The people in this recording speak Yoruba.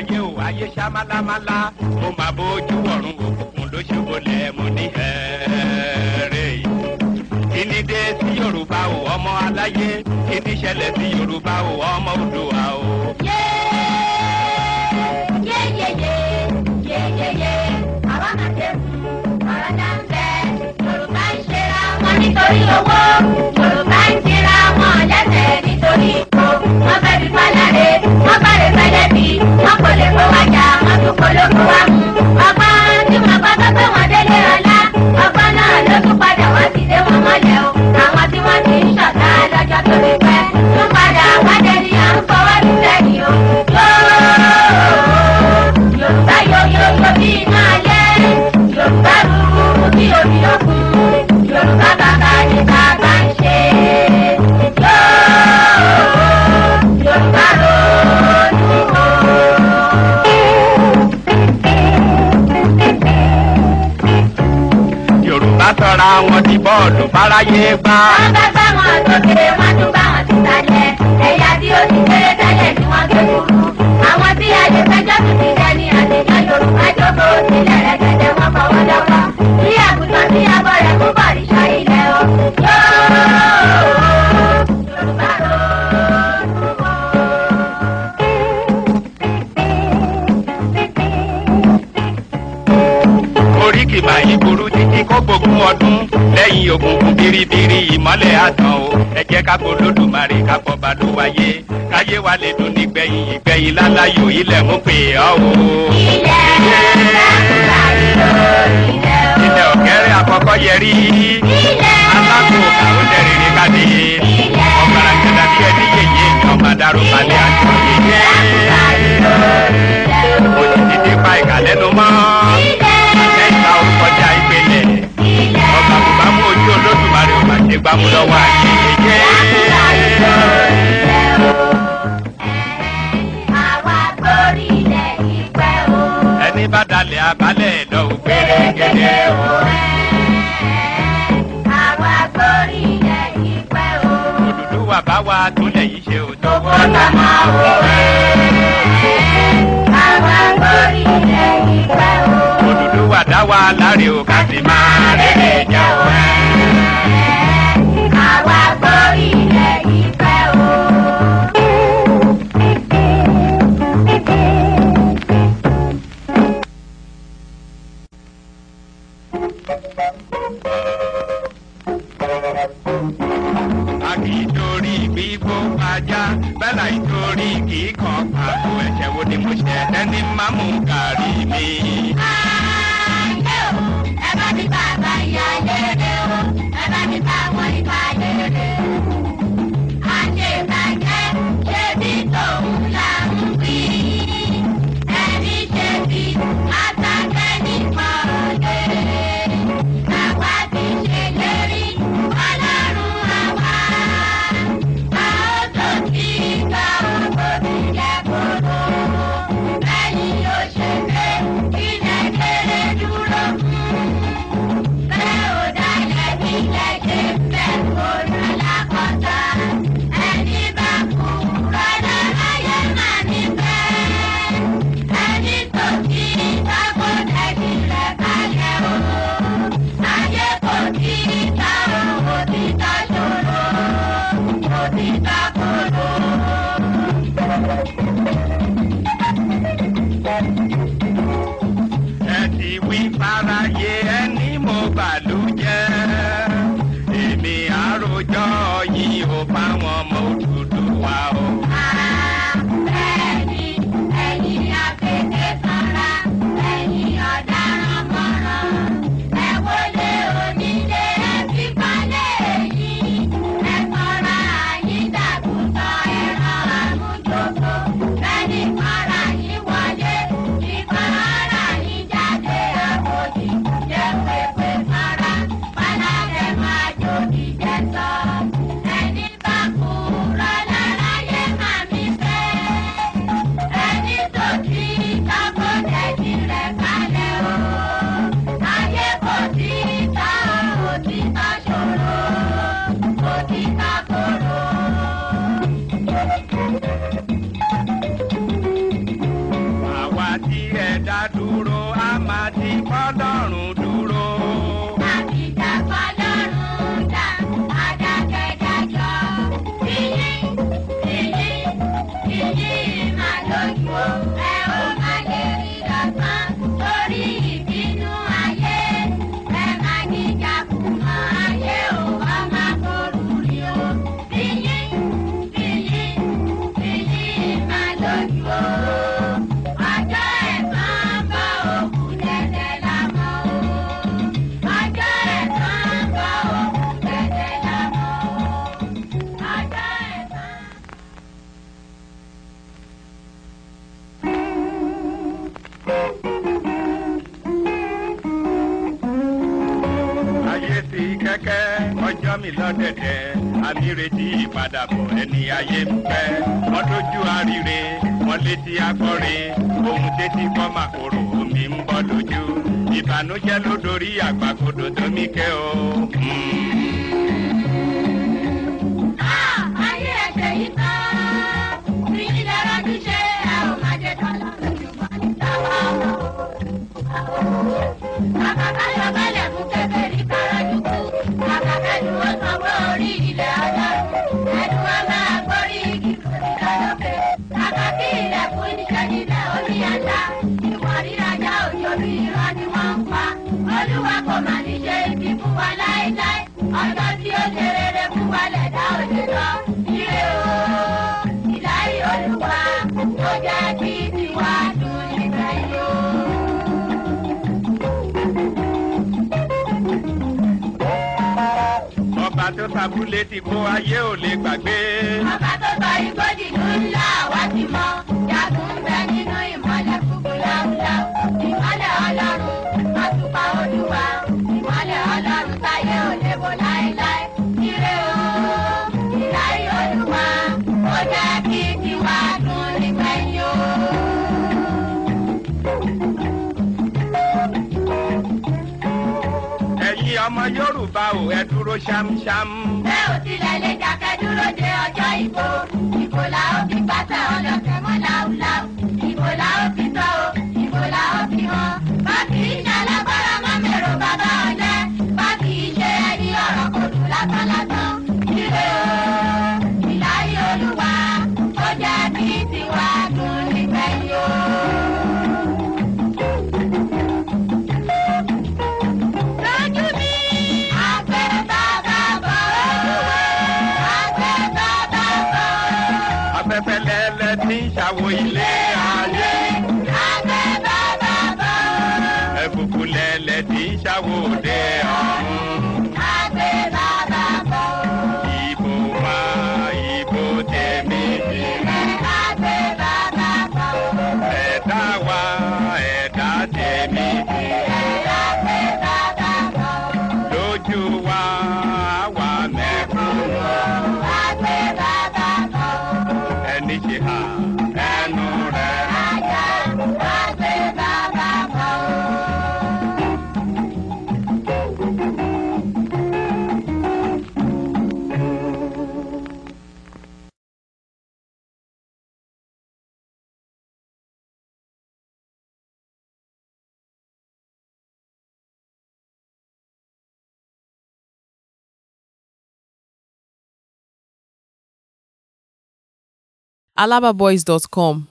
ayé o ayé ṣá málámálá mo máa bójú ọ̀run òkùnkùn ló ṣe mo ní ẹ̀ẹ́rẹ́ kí ni sí Yorùbá o ọmọ aláyé kí sí Yorùbá o ọmọ Oòduà o. nítorí owó Yorùbá. sọ́ra wọn ti bọ́ọ̀lù fáráyé gbá. wọ́n bá bá wọn àtòkèrè wọ́n tún bá wọn ti sálẹ̀ ẹ̀yà tí ó ti kéré tẹ́lẹ̀ ni wọ́n gbé kúrú. àwọn tí ayé fẹjọ́ sì ti dẹ ní àtẹ̀jọ́ yorùbá jókòó sílẹ̀ rẹ̀gẹ̀dẹ̀ wọ́n fọwọ́ dọ́wọ́. àgùntàn tí abọ́ rẹ̀ kú bọ̀ ríṣọ ilẹ̀ o. oríkì màá yí burú j ní kó gbogbo ọdún lẹ́yìn òkùnkùn biribiri ìmọ́lẹ̀ àtàn o ẹ jẹ́ ká kó lódùmarè ká kọ́ bá ló wáyé káyé wa lè dùn nígbẹ̀yìn ìgbẹ̀yìn láláyò ilẹ̀ mú pè ọ́ o. ilẹ̀ ilẹ̀ ọ̀kẹ́rẹ́ àkọ́kọ́ yẹrí alákòó kàó tẹ̀rẹ̀rẹ̀ káde ọ̀gbàrà kẹta bí ẹni yèyé ìjọba dàrú balẹ̀ àjọ yèyé òjijì dípa ìkàlẹ́nu mọ́. gbàmú lọ́wọ́ àjẹjẹjẹ. ẹni bá dalẹ̀ abalẹ̀ lọ́wọ́ gbẹ̀rẹ̀gẹ̀dẹ̀ o. bá wa tó lẹ̀ yìí ṣe ò tó wọ́n lá máa wọ̀ ẹ́. Àwa gbórí ilẹ̀ yìí pẹ́ o. Olùdúwà dá wa láre o ká sì máa rere jà o kò ṣe ẹni máa mú kárí mi. àǹdẹ́ o ẹ bá mi bá bá ìyá léèrè o ẹ bá mi bá wọn ìbá léèrè o. àǹdẹ́ bàjẹ́ ṣé bí tòun là ń wí ẹni ṣe bí ata. rojọ́ yìí ò fáwọn ọmọ Odùduwà o. àti pádàrún ayé sí kẹ́kẹ́ ọjọ́ mi lọ́dẹ̀dẹ̀ àmì retí ìpadàbọ̀ ẹni ayé ń pẹ́ wọ́n tójú àríre wọ́n létí akọ́re ohun tẹ́tí kọ́ màkòrò omi ń bọ́ lójú ìbànújẹ́ ló dorí àgbàkodo tómi kẹ́ o. Mm. tabule ti bo ayé ò lè gbàgbé. bàbá tó sọ igbó dìlú ńlá wa ti mọ. ọmọ Yorùbá ò ẹ dúró ṣámṣám. bẹ́ẹ̀ ò tilẹ̀ lè jà kẹ́ dúró de ọjọ́ ìbò ìbò làó fi pátá ọlọ́tẹ̀ mọ́ láúláú. alababoys.com